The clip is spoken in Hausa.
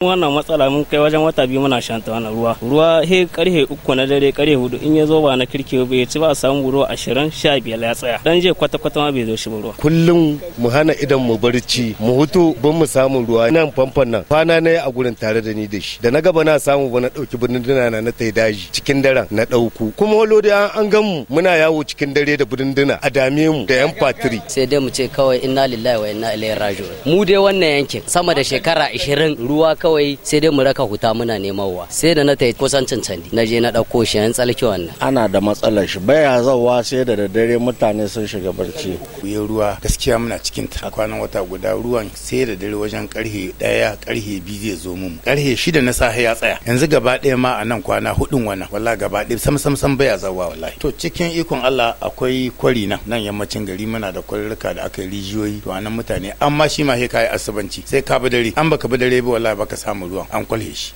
wannan matsala mun kai wajen wata biyu muna shanta wannan ruwa ruwa he karhe uku na dare karhe hudu in ya zo ba na kirki ba ya ci ba a samu ruwa ashirin sha biyar ya tsaya dan je kwata kwata ma bai zo shi ba ruwa kullum mu hana idan mu barci mu hutu ban mu samu ruwa nan famfan nan kwana na a gurin tare da ni da shi da na gaba na samu ba na dauki binduna na na tai daji cikin daren na dauku kuma holo da an gan mu muna yawo cikin dare da binduna a dame mu da yan patri sai dai mu ce kawai inna lillahi wa inna ilaihi raji'un mu dai wannan yankin sama da shekara 20 ruwa kawai sai dai mu raka huta muna neman wa sai da na ta kusan cancandi na je na dauko shi an tsalke wannan ana da matsalar shi baya zawa sai da daddare mutane sun shiga barci ya ruwa gaskiya muna cikin ta kwanan wata guda ruwan sai da dare wajen karhe daya karhe biyu zai zo mu karhe shida na safe ya tsaya yanzu gaba daya ma a nan kwana hudun wannan wallahi gaba daya sam sam sam baya zawa wallahi to cikin ikon Allah akwai kwari na nan yammacin gari muna da kwarurruka da aka rijiyoyi to anan mutane amma shi ma sai kai asubanci sai ka dare an baka bi dare ba wallahi baka samu ruwan an kwalhe shi